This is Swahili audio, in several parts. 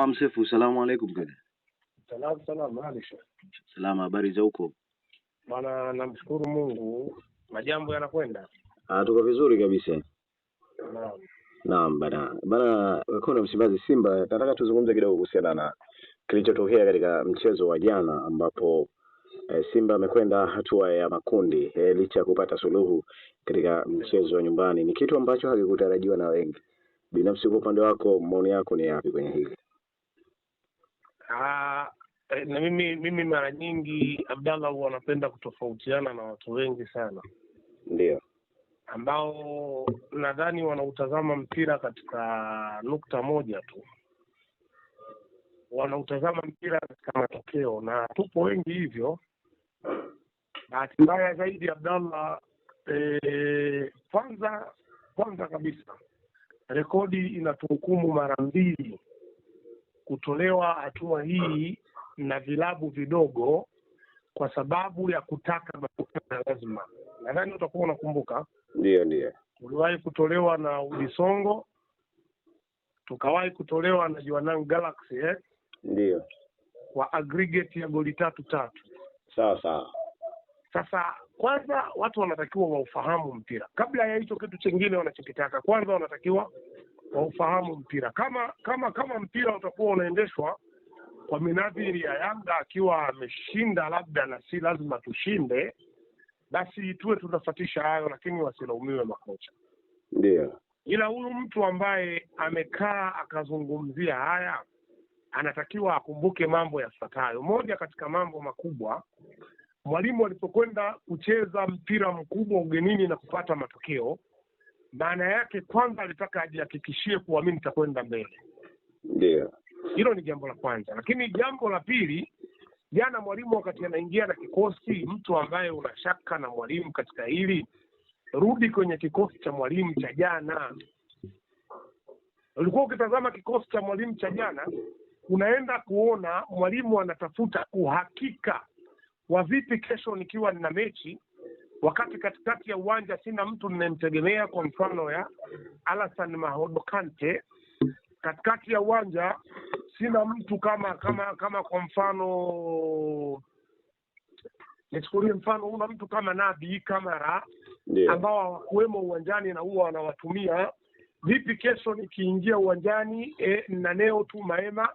Naam, Sefu, salamu alaikum kaka. Salam salamu Alisha. Salama, habari za huko? Bana, namshukuru Mungu, majambo yanakwenda. Ah, tuko vizuri kabisa. Naam. Naam bana. Bana, kuna Msimbazi Simba, nataka tuzungumze kidogo kuhusiana na kilichotokea katika mchezo wa jana ambapo e, Simba amekwenda hatua ya makundi e, licha ya kupata suluhu katika mchezo wa nyumbani. Ni kitu ambacho hakikutarajiwa na wengi. Binafsi, kwa upande wako, maoni yako ni yapi kwenye hili? Ah, eh, na mimi mimi mara nyingi Abdallah huwa anapenda kutofautiana na watu wengi sana, ndio ambao nadhani wanautazama mpira katika nukta moja tu, wanautazama mpira katika matokeo, na tupo wengi hivyo. Bahati mbaya zaidi Abdallah, eh, e, kwanza kwanza kabisa rekodi inatuhukumu mara mbili kutolewa hatua hii na vilabu vidogo kwa sababu ya kutaka matokeo ya lazima. Nadhani utakuwa unakumbuka, ndio ndio, uliwahi kutolewa na Udisongo, tukawahi kutolewa na Jwaneng Galaxy eh? Ndio, kwa aggregate ya goli tatu tatu. Sawa sawa. Sasa kwanza, watu wanatakiwa waufahamu mpira kabla ya hicho kitu chingine wanachokitaka. Kwanza wanatakiwa kwa ufahamu mpira. Kama kama kama mpira utakuwa unaendeshwa kwa minadhiri ya Yanga akiwa ameshinda labda na si lazima tushinde, basi tuwe tunafatisha hayo, lakini wasilaumiwe makocha. Ndio, ila huyu mtu ambaye amekaa akazungumzia haya anatakiwa akumbuke mambo yafuatayo. Moja katika mambo makubwa, mwalimu alipokwenda kucheza mpira mkubwa ugenini na kupata matokeo maana yake kwanza alitaka ajihakikishie kuwa mi nitakwenda mbele ndio yeah. hilo ni jambo la kwanza lakini jambo la pili jana mwalimu wakati anaingia na kikosi mtu ambaye unashaka na mwalimu katika hili rudi kwenye kikosi cha mwalimu cha jana ulikuwa ukitazama kikosi cha mwalimu cha jana unaenda kuona mwalimu anatafuta uhakika wa vipi kesho nikiwa nina mechi wakati katikati ya uwanja sina mtu ninayemtegemea, kwa mfano ya Alasan mahodokante Katikati ya uwanja sina mtu kama kama kama, kwa mfano nichukulie mfano, una mtu kama Nabi Kamara yeah, ambao hawakuwemo uwanjani na huwa wanawatumia vipi. Kesho nikiingia uwanjani e, na Neo tu Maema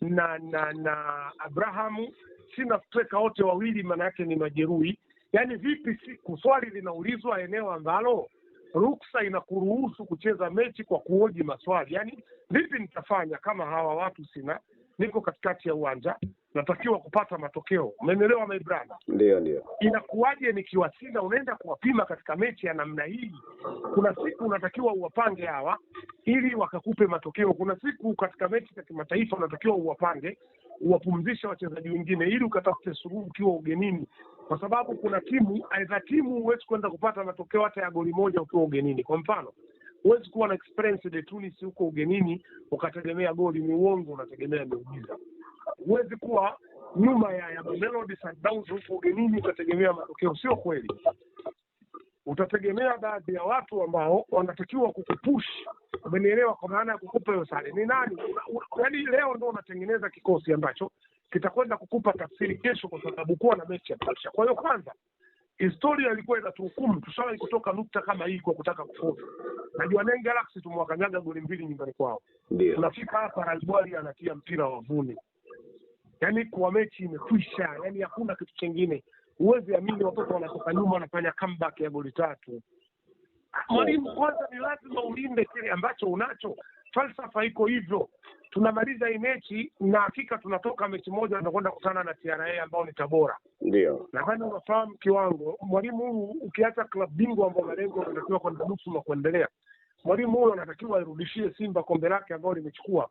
na na na Abrahamu, sina streka wote wawili, maana yake ni majeruhi yani vipi siku swali linaulizwa eneo ambalo ruksa inakuruhusu kucheza mechi kwa kuhoji maswali. yani vipi nitafanya kama hawa watu sina, niko katikati ya uwanja, natakiwa kupata matokeo. umenelewa Maibrana? Ndio, ndio. Inakuwaje nikiwasinda unaenda kuwapima katika mechi ya namna hii? Kuna siku unatakiwa uwapange hawa ili wakakupe matokeo. Kuna siku katika mechi za kimataifa unatakiwa uwapange uwapumzisha wachezaji wengine, ili ukatafute suluhu ukiwa ugenini, kwa sababu kuna timu aidha timu huwezi kuenda kupata matokeo hata ya goli moja ukiwa ugenini. Kwa mfano huwezi kuwa na experience de Tunis huko ugenini ukategemea goli, ni uongo, unategemea miujiza. Huwezi kuwa nyuma ya, ya Mamelodi Sundowns huko ugenini ukategemea matokeo, sio kweli. Utategemea baadhi ya watu ambao wanatakiwa kukupush Umenielewa? Kwa maana ya kukupa hiyo sare ni nani? Yaani leo ndo unatengeneza kikosi ambacho kitakwenda kukupa tafsiri kesho, kwa sababu kuwa na mechi ya pressure. Kwa hiyo kwanza historia ilikuwa inatuhukumu tushawahi kutoka nukta kama hii kwa kutaka kufuzu. Najua Neng Galaxy tumewakanyaga goli mbili nyumbani kwao, tunafika hapa Rajwari anatia mpira wavuni, yaani kwa mechi imekwisha, yaani hakuna kitu kingine. Huwezi amini, watoto wanatoka nyuma wanafanya comeback ya goli tatu. Mwalimu kwanza ni lazima ulinde kile ambacho unacho. Falsafa iko hivyo. Tunamaliza hii mechi na hakika tunatoka mechi moja tunakwenda kukutana na TRA ambao ni Tabora. Ndio nadhani unafahamu kiwango mwalimu huyu, ukiacha klabu bingwa ambao malengo anatakiwa kwenda nusu na kuendelea, mwalimu huyu anatakiwa airudishie Simba kombe lake ambao limechukua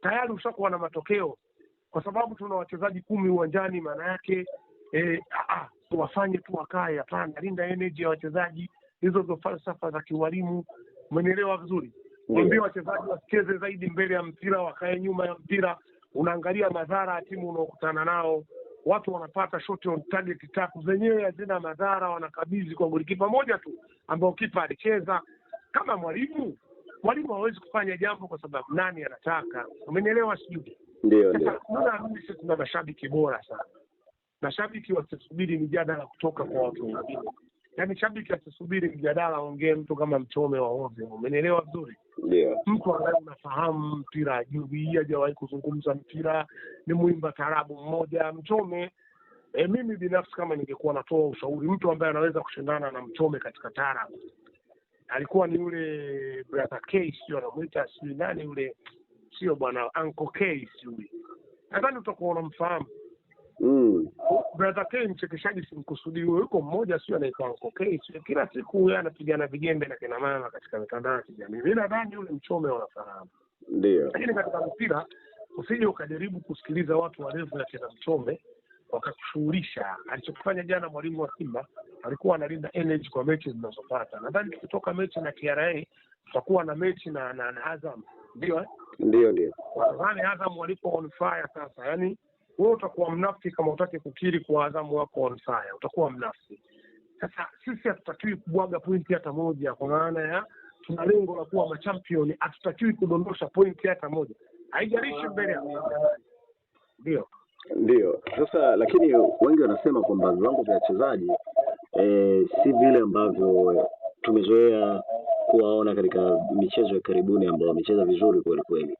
tayari. Ushakuwa na matokeo kwa sababu tuna wachezaji kumi uwanjani, maana yake eh, ah, ah, wafanye tu wakae. Hapana, linda energy ya wachezaji hizo ndo falsafa za kiwalimu, umenielewa vizuri? Wambie wachezaji wasicheze zaidi mbele ya mpira, wakae nyuma ya mpira. Unaangalia madhara ya timu unaokutana nao, watu wanapata shot on target tatu, zenyewe hazina madhara, wanakabidhi kwa golikipa moja tu ambao kipa alicheza. Kama mwalimu mwalimu hawezi kufanya jambo kwa sababu nani anataka, umenielewa? Sijui ndio sisi tuna mashabiki bora sana, mashabiki wasisubiri mijadala kutoka kwa watu wengine yani shabiki asisubiri mjadala, aongee mtu kama mchome wa ovyo. Umenielewa vizuri? Yeah. Mtu ambaye unafahamu mpira juu hii hajawahi kuzungumza mpira, ni mwimba tarabu mmoja mchome. E, mimi binafsi kama ningekuwa natoa ushauri, mtu ambaye anaweza kushindana na mchome katika tarabu alikuwa ni yule brother K, sio anamwita, sijui nani yule, sio bwana Uncle K, sijui nadhani utakuwa unamfahamu Mm. Brother K mchekeshaji simkusudii huyo, yuko mmoja sio anaitwa Uncle K, sio kila siku huyo anapigana vijembe na kina mama katika mitandao ya kijamii. Mimi nadhani yule mchome wanafahamu, ndio. Lakini katika mpira usije ukajaribu kusikiliza watu warevu ya kina mchome wakakushughulisha. Alichokifanya jana mwalimu wa Simba alikuwa analinda energy kwa mechi zinazopata. Nadhani tukitoka mechi na TRA tutakuwa na mechi na, na, na Azam, ndio eh? Ndio, ndio. Nadhani Azam walipo on fire sasa, yani wewe utakuwa mnafsi kama utaki kukiri kwa adhamu wako Wamasai, utakuwa mnafsi. Sasa sisi hatutakiwi kubwaga pointi hata moja, kwa maana ya tuna lengo la kuwa machampion, hatutakiwi kudondosha pointi hata moja, haijarishi mbele ya ndio ndio. Sasa lakini wengi wanasema kwamba viwango vya wachezaji e, si vile ambavyo tumezoea kuwaona katika michezo ya karibuni ambao wamecheza vizuri kweli kweli.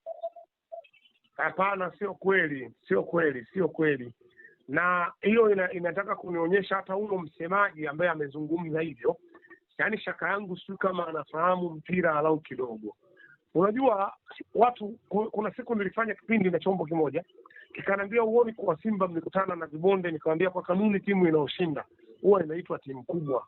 Hapana, sio kweli, sio kweli, sio kweli. Na hiyo ina, inataka kunionyesha hata huyo msemaji ambaye amezungumza hivyo, yaani shaka yangu sijui kama anafahamu mpira alau kidogo. Unajua watu, kuna siku nilifanya kipindi na chombo kimoja kikaniambia, uoni kuwa Simba mlikutana na vibonde? Nikamwambia kwa kanuni timu inayoshinda huwa inaitwa timu kubwa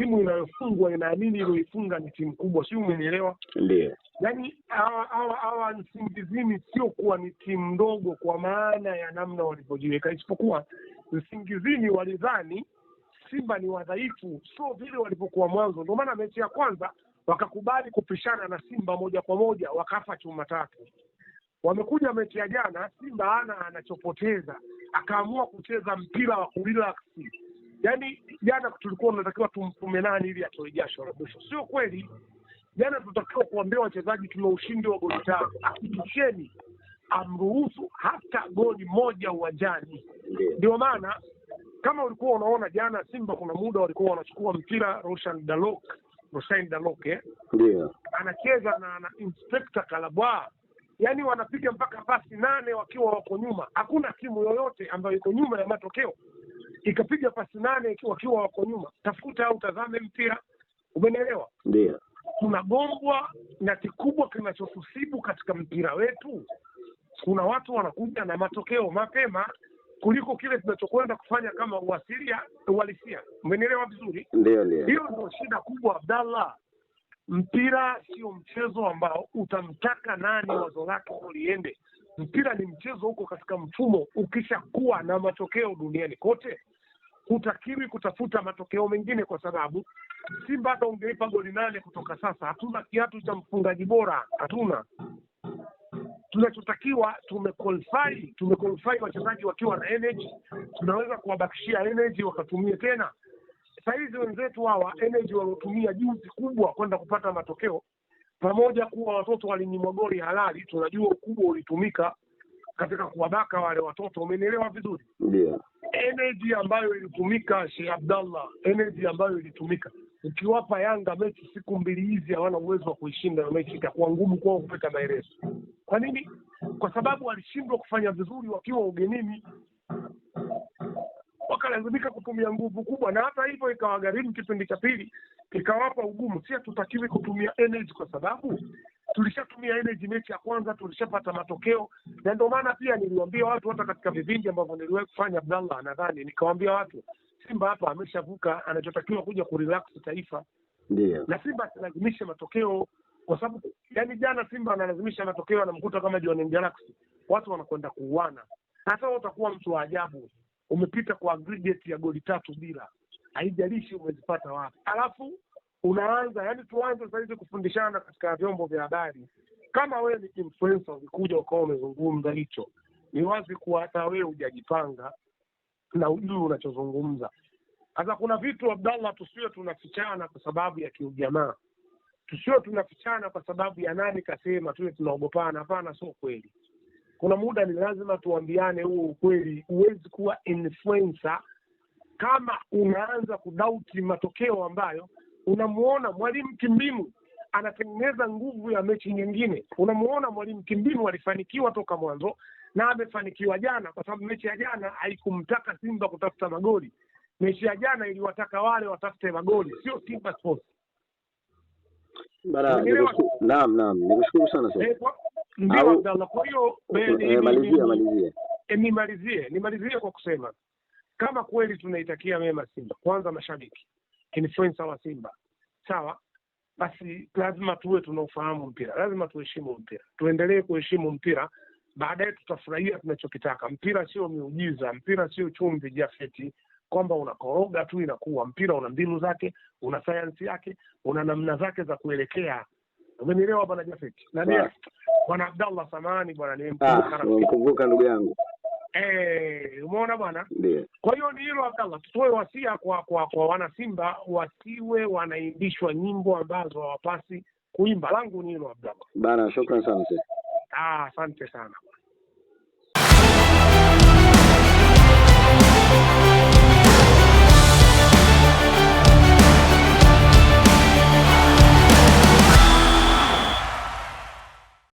timu inayofungwa inaamini iliyoifunga ni timu kubwa, sio? Umenielewa? Ndio. Yani hawa hawa hawa Nsingizini sio kuwa ni timu ndogo kwa maana ya namna walivyojiweka, isipokuwa Nsingizini walidhani Simba ni wadhaifu, sio vile walivyokuwa mwanzo. Ndio maana mechi ya kwanza wakakubali kupishana na Simba moja kwa moja, wakafa chuma tatu. Wamekuja mechi ya jana, Simba ana anachopoteza, akaamua kucheza mpira wa kurilaksi yani jana tulikuwa tunatakiwa tumfume nani ili atoe jasho la mwisho, sio kweli. Jana tunatakiwa kuambia wachezaji tuna ushindi wa goli tano, hakikisheni amruhusu hata goli moja uwanjani. Ndio maana kama ulikuwa unaona jana Simba kuna muda walikuwa wanachukua mpira Roshan Dalok, Roshan Dalok eh? Anacheza na, na Inspector Kalabwa yaani wanapiga mpaka pasi nane wakiwa wako nyuma. Hakuna timu yoyote ambayo iko nyuma ya matokeo ikapiga pasi nane wakiwa wako nyuma. Tafuta au tazame mpira, umenielewa? Ndio tunagombwa na kikubwa kinachotusibu katika mpira wetu, kuna watu wanakuja na matokeo mapema kuliko kile tunachokwenda kufanya kama uasilia uhalisia. Umenielewa vizuri? Ndio, ndio, hiyo ndio shida kubwa, Abdallah. Mpira sio mchezo ambao utamtaka nani wazo lake liende. Mpira ni mchezo, huko katika mfumo. Ukishakuwa na matokeo duniani kote, hutakiwi kutafuta matokeo mengine, kwa sababu Simba hata ungeipa goli nane kutoka sasa, hatuna kiatu cha mfungaji bora, hatuna tunachotakiwa tumekolfai tumekolfai wachezaji wakiwa na energy, tunaweza kuwabakishia energy wakatumie tena. sahizi wenzetu hawa energy waliotumia juzi kubwa kwenda kupata matokeo pamoja kuwa watoto walinyimwa goli halali, tunajua ukubwa ulitumika katika kuwabaka wale watoto. Umenielewa vizuri? Yeah. Energy ambayo ilitumika, Sheikh Abdallah, energy ambayo ilitumika, ukiwapa Yanga mechi siku mbili hizi, hawana uwezo wa kuishinda na mechi, itakuwa ngumu kwao kupeka maelezo. Kwa nini? Kwa sababu walishindwa kufanya vizuri wakiwa ugenini, wakalazimika kutumia nguvu kubwa, na hata hivyo ikawagharimu kipindi cha pili ikawapa ugumu. Si hatutakiwi kutumia energy, kwa sababu tulishatumia energy mechi ya kwanza, tulishapata matokeo. Na ndio maana pia niliwaambia watu, hata katika vipindi ambavyo niliwahi kufanya, Abdallah, nadhani nikawaambia watu, Simba hapa ameshavuka, anachotakiwa kuja kurelax taifa. yeah. na Simba asilazimishe matokeo kwa sababu yani, jana Simba analazimisha matokeo, anamkuta kama Jwaneng Galaxy, watu wanakwenda kuuana. Hata utakuwa mtu wa ajabu, umepita kwa aggregate ya goli tatu bila haijalishi umezipata wapi. Alafu unaanza yani, tuanze sasa hivi kufundishana katika vyombo vya habari. Kama wewe ni influencer ukikuja ukawa umezungumza hicho, ni wazi kuwa hata wewe hujajipanga na ujui unachozungumza. Sasa kuna vitu Abdallah, tusiwe tunafichana kwa sababu ya kiujamaa, tusiwe tunafichana kwa sababu ya nani kasema, tuwe tunaogopana. Hapana, sio kweli. Kuna muda ni lazima tuambiane huo ukweli. Huwezi kuwa influencer kama unaanza kudauti matokeo ambayo unamuona mwalimu Kimbimu anatengeneza nguvu ya mechi nyingine. Unamuona mwalimu Kimbimu alifanikiwa toka mwanzo na amefanikiwa jana, kwa sababu mechi ya jana haikumtaka Simba kutafuta magoli. Mechi ya jana iliwataka wale watafute magoli, sio Simba Sports. Naam, naam, nikushukuru sana eh, Ndio Abdallah, kwa hiyo eh, eh, nimalizie, nimalizie kwa kusema kama kweli tunaitakia mema Simba, kwanza mashabiki, influencer wa Simba, sawa, basi lazima tuwe tunaufahamu mpira, lazima tuheshimu mpira, tuendelee kuheshimu mpira. Baadaye tutafurahia tunachokitaka. Mpira sio miujiza, mpira sio chumvi jafeti kwamba unakoroga tu inakuwa. Mpira una mbinu zake, una sayansi yake, una namna zake za kuelekea. Umenielewa bwana Jafeti? Nani bwana Abdallah, Samani bwana, nimkumbuka ah, ndugu yangu. Eh, umeona bwana. Yeah. Kwa hiyo ni hilo Abdallah, tutoe wasia kwa kwa kwa wanasimba wasiwe wanaimbishwa nyimbo ambazo hawapasi kuimba. Langu ni hilo Abdallah. Bana, shukran sana. Ah, asante sana.